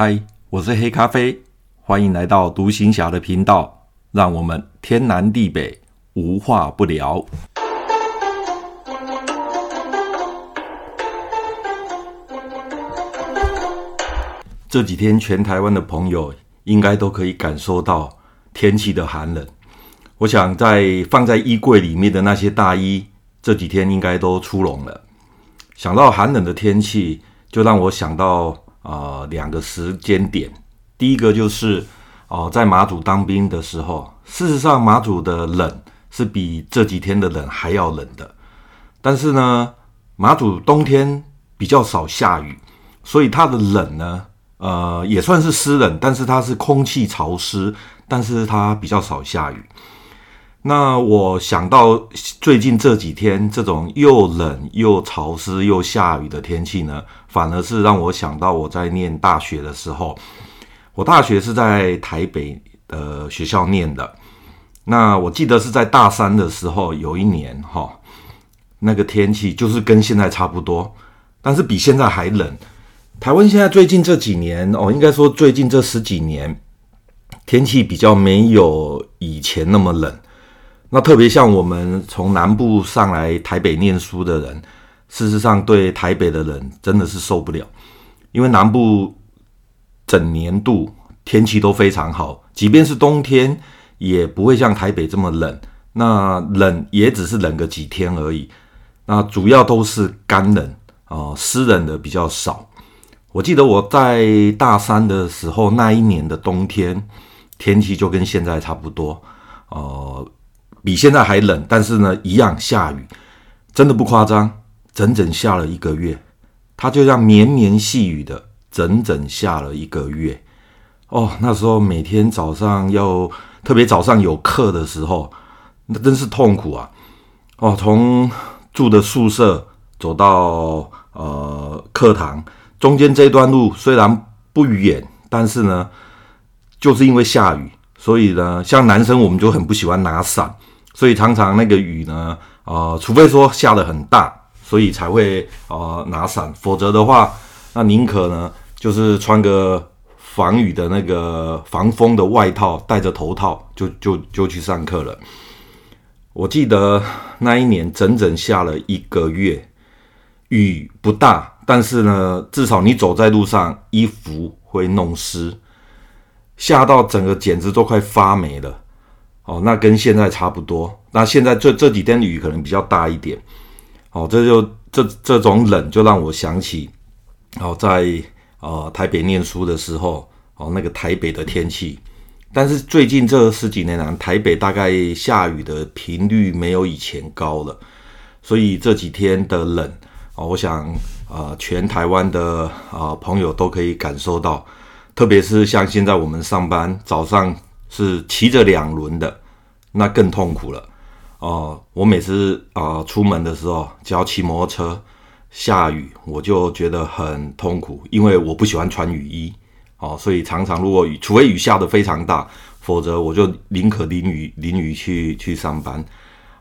嗨，我是黑咖啡，歡迎來到讀行俠的頻道，讓我們天南地北無話不聊。這幾天全台灣的朋友應該都可以感受到天氣的寒冷，我想在放在衣櫃裡面的那些大衣，這幾天應該都出籠了。想到寒冷的天氣，就讓我想到。呃，兩個時間點，第一個就是，哦、呃，在馬祖當兵的時候，事實上馬祖的冷是比這幾天的冷還要冷的，但是呢，馬祖冬天比較少下雨，所以它的冷呢，呃，也算是濕冷，但是它是空氣潮濕，但是它比較少下雨。那我想到最近這幾天這種又冷又潮濕又下雨的天氣呢。反而是讓我想到我在念大學的時候，我大學是在台北的學校念的。那我記得是在大三的時候，有一年哈，那個天氣就是跟現在差不多，但是比現在還冷。台灣現在最近這幾年哦，應該說最近這十幾年天氣比較沒有以前那麼冷。那特別像我們從南部上來台北念書的人。事實上，對台北的人真的是受不了，因為南部整年度天氣都非常好，即便是冬天也不會像台北這麼冷。那冷也只是冷個幾天而已，那主要都是乾冷啊，濕冷的比較少。我記得我在大三的時候，那一年的冬天天氣就跟現在差不多，哦、呃，比現在還冷，但是呢，一樣下雨，真的不誇張。整整下了一個月，它就像綿綿細雨的，整整下了一個月。哦，那時候每天早上要特別早上有課的時候，那真是痛苦啊！哦，從住的宿舍走到呃課堂，中間這段路雖然不遠，但是呢，就是因為下雨，所以呢，像男生我們就很不喜歡拿傘，所以常常那個雨呢，啊、呃，除非說下得很大。所以才會呃拿傘，否則的話，那寧可呢就是穿個防雨的那個防風的外套，戴着頭套就就就去上課了。我記得那一年整整下了一個月，雨不大，但是呢，至少你走在路上衣服會弄濕，下到整個簡直都快發霉了。哦，那跟現在差不多。那現在這這幾天雨可能比較大一點。哦，這就這這種冷就讓我想起，哦，在呃台北念書的時候，哦，那個台北的天氣，但是最近這十幾年來，台北大概下雨的頻率沒有以前高了，所以這幾天的冷啊，哦，我想啊，呃，全台灣的啊，呃，朋友都可以感受到，特別是像現在我們上班早上是騎着兩輪的，那更痛苦了。哦、呃，我每次啊、呃、出門的時候，只要騎摩托車，下雨我就覺得很痛苦，因為我不喜歡穿雨衣，哦、呃，所以常常如果雨，除非雨下得非常大，否則我就寧可淋雨淋雨去去上班，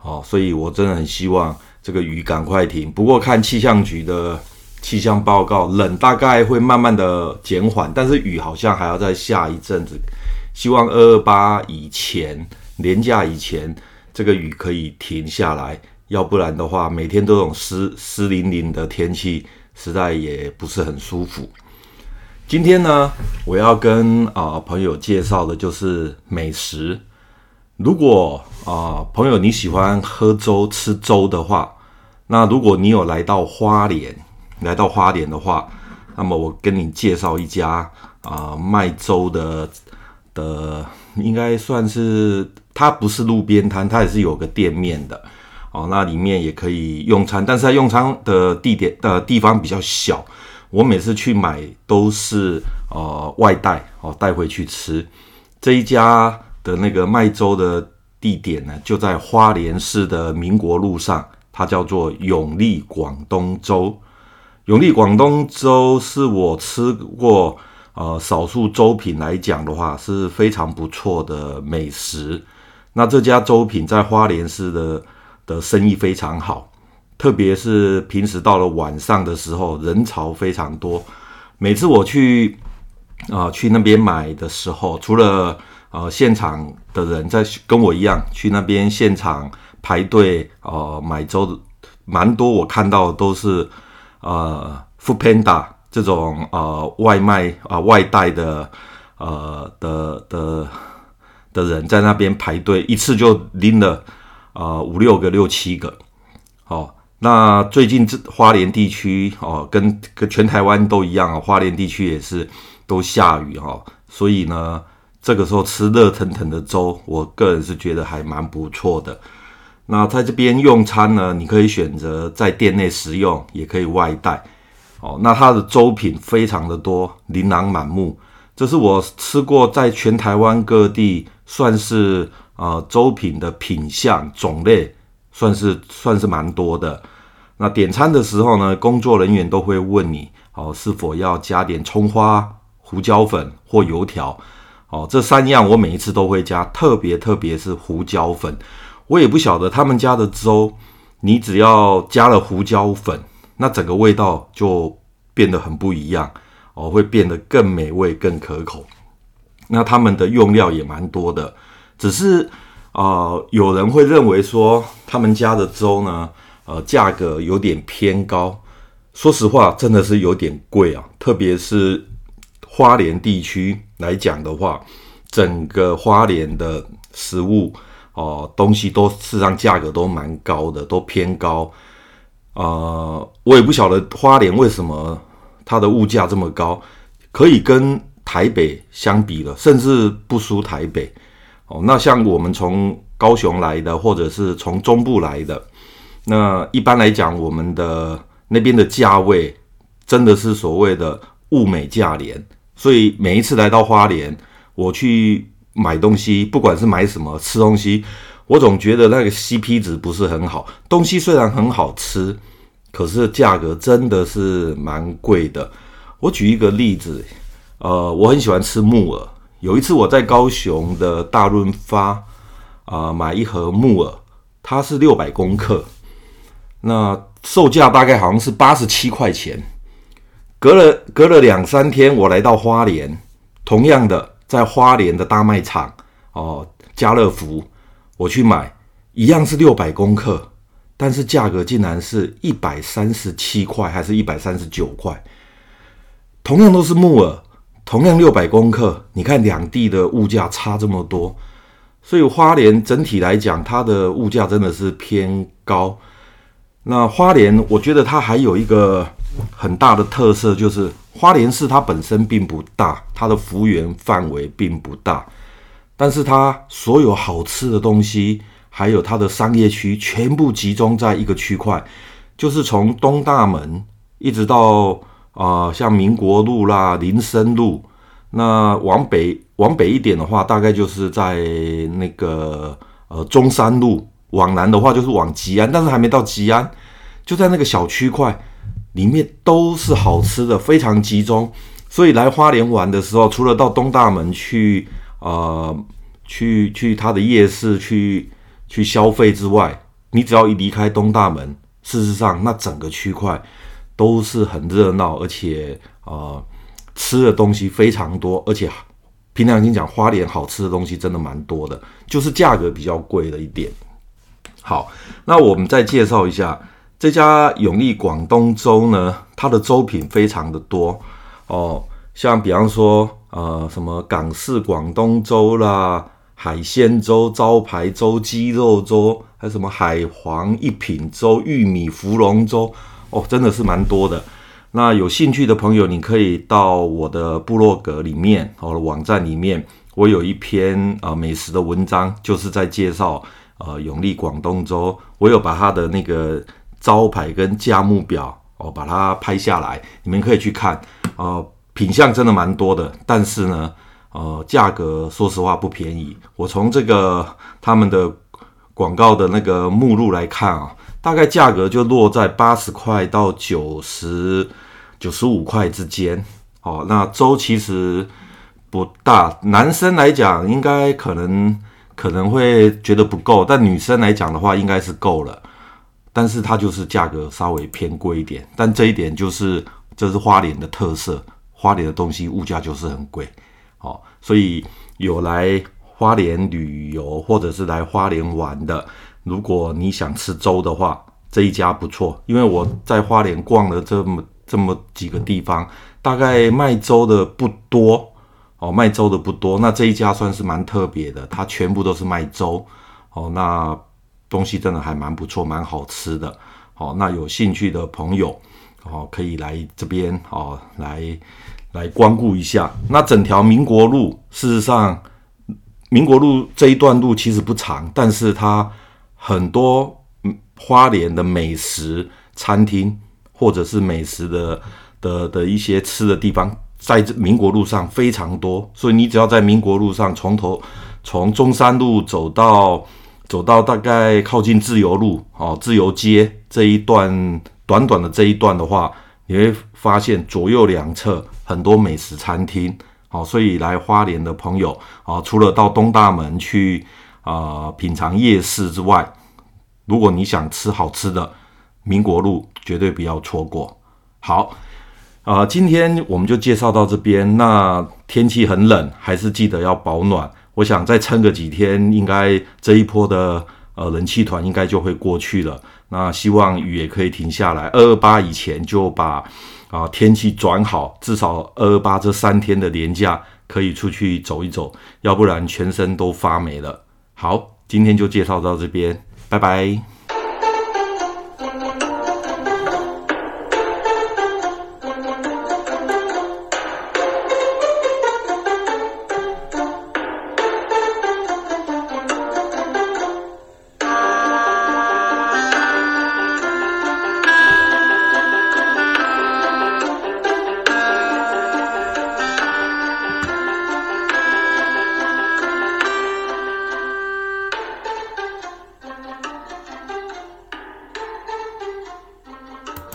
哦、呃，所以我真的很希望這個雨趕快停。不過看氣象局的氣象報告，冷大概會慢慢的減緩，但是雨好像還要再下一陣子。希望二二八以前，年假以前。這個雨可以停下來，要不然的話，每天都這種濕濕淋淋的天氣實在也不是很舒服。今天呢，我要跟啊、呃、朋友介紹的就是美食。如果啊、呃、朋友你喜歡喝粥、吃粥的話，那如果你有來到花蓮，來到花蓮的話，那麼我跟你介紹一家啊賣粥的的，應該算是。它不是路邊攤，它也是有個店面的。哦，那裡面也可以用餐，但是在用餐的地點的地方比較小，我每次去買都是呃外帶哦帶回去吃。這一家的那個賣粥的地點呢，就在花蓮市的民國路上，它叫做永利廣東粥。永利廣東粥是我吃過呃少數粥品來講的話，是非常不錯的美食。那這家粥品在花蓮市的的生意非常好，特別是平時到了晚上的時候，人潮非常多。每次我去啊、呃、去那邊買的時候，除了啊、呃、現場的人在跟我一樣去那邊現場排隊啊、呃、買粥，蠻多我看到的都是啊 Food Panda 這種啊、呃、外賣啊、呃、外帶的啊的的。呃的的的人在那邊排隊，一次就拎了，呃，五六個、六七個，哦，那最近這花蓮地區哦，跟跟全台灣都一樣啊，花蓮地區也是都下雨哈，哦，所以呢，這個時候吃熱騰騰的粥，我個人是覺得還蠻不錯的。那在這邊用餐呢，你可以選擇在店內食用，也可以外帶。哦，那它的粥品非常的多，琳琅滿目。這是我吃過在全台灣各地。算是啊，呃，粥品的品項種類算是算是蠻多的。那點餐的時候呢，工作人員都會問你：哦、呃，是否要加點蔥花、胡椒粉或油條？哦、呃，這三樣我每一次都會加，特別特別是胡椒粉。我也不曉得他們家的粥，你只要加了胡椒粉，那整個味道就變得很不一樣哦、呃，會變得更美味、更可口。那他們的用料也蠻多的，只是呃，有人會認為說他們家的粥呢，呃，價格有點偏高。說實話，真的是有點貴啊，特別是花蓮地區來講的話，整個花蓮的食物哦、呃，東西都市場價格都蠻高的，都偏高。呃，我也不曉得花蓮為什麼它的物價這麼高，可以跟。台北相比了，甚至不輸台北哦。那像我們從高雄來的，或者是從中部來的，那一般來講，我們的那邊的價位真的是所謂的物美價廉。所以每一次來到花蓮，我去買東西，不管是買什麼吃東西，我總覺得那個 CP 值不是很好。東西雖然很好吃，可是價格真的是蠻貴的。我舉一個例子。呃，我很喜歡吃木耳。有一次我在高雄的大潤發，啊、呃，買一盒木耳，它是六百公克，那售價大概好像是八十七塊錢。隔了隔了兩三天，我來到花蓮，同樣的在花蓮的大賣場哦，家樂福，我去買，一樣是六百公克，但是價格竟然是一百三十七塊，還是一百三十九塊？同樣都是木耳。同樣六百公克，你看兩地的物價差這麼多，所以花蓮整體來講，它的物價真的是偏高。那花蓮，我覺得它還有一個很大的特色，就是花蓮市它本身並不大，它的幅員範圍並不大，但是它所有好吃的東西，還有它的商業區，全部集中在一個區塊，就是從東大門一直到。啊、呃，像民國路啦、林森路，那往北往北一點的話，大概就是在那個呃中山路；往南的話就是往吉安，但是還沒到吉安，就在那個小區塊裡面都是好吃的，非常集中。所以來花蓮玩的時候，除了到東大門去啊、呃、去去它的夜市去去消費之外，你只要一離開東大門，事實上那整個區塊。都是很熱鬧，而且啊、呃，吃的東西非常多，而且平常心講，花蓮好吃的東西真的蠻多的，就是價格比較貴了一點。好，那我們再介紹一下這家永利廣東粥呢，它的粥品非常的多哦，像比方說呃，什麼港式廣東粥啦、海鮮粥、招牌粥、雞肉粥，還有什麼海皇一品粥、玉米芙蓉粥。哦，真的是蠻多的。那有興趣的朋友，你可以到我的部落格裡面，我的網站裡面，我有一篇啊美食的文章，就是在介紹呃永利廣東粥。我有把它的那個招牌跟價目表，我、哦、把它拍下來，你們可以去看。呃，品項真的蠻多的，但是呢，呃，價格說實話不便宜。我從這個他們的廣告的那個目錄來看啊、哦。大概價格就落在八十塊到九十九十五塊之間。哦，那粥其實不大，男生來講應該可能可能會覺得不夠，但女生來講的話應該是夠了。但是它就是價格稍微偏貴一點，但這一點就是這是花蓮的特色，花蓮的東西物價就是很貴。哦，所以有來花蓮旅遊或者是來花蓮玩的。如果你想吃粥的話，這一家不錯，因為我在花蓮逛了這麼這麼幾個地方，大概賣粥的不多哦，賣粥的不多。那這一家算是蠻特別的，它全部都是賣粥哦。那東西真的還蠻不錯，蠻好吃的。好，哦，那有興趣的朋友，哦，可以來這邊哦，來來光顧一下。那整條民國路，事實上，民國路這一段路其實不長，但是它。很多花蓮的美食餐廳，或者是美食的的的一些吃的地方，在這民國路上非常多，所以你只要在民國路上從頭從中山路走到走到大概靠近自由路哦，自由街這一段短短的這一段的話，你會發現左右兩側很多美食餐廳。好，哦，所以來花蓮的朋友啊，哦，除了到東大門去。啊、呃，品嘗夜市之外，如果你想吃好吃的，民國路絕對不要錯過。好，啊、呃，今天我們就介紹到這邊。那天氣很冷，還是記得要保暖。我想再撐個幾天，應該這一波的呃冷氣團應該就會過去了。那希望雨也可以停下來。二二八以前就把啊、呃、天氣轉好，至少二二八這三天的連假可以出去走一走，要不然全身都發霉了。好，今天就介紹到這邊，拜拜。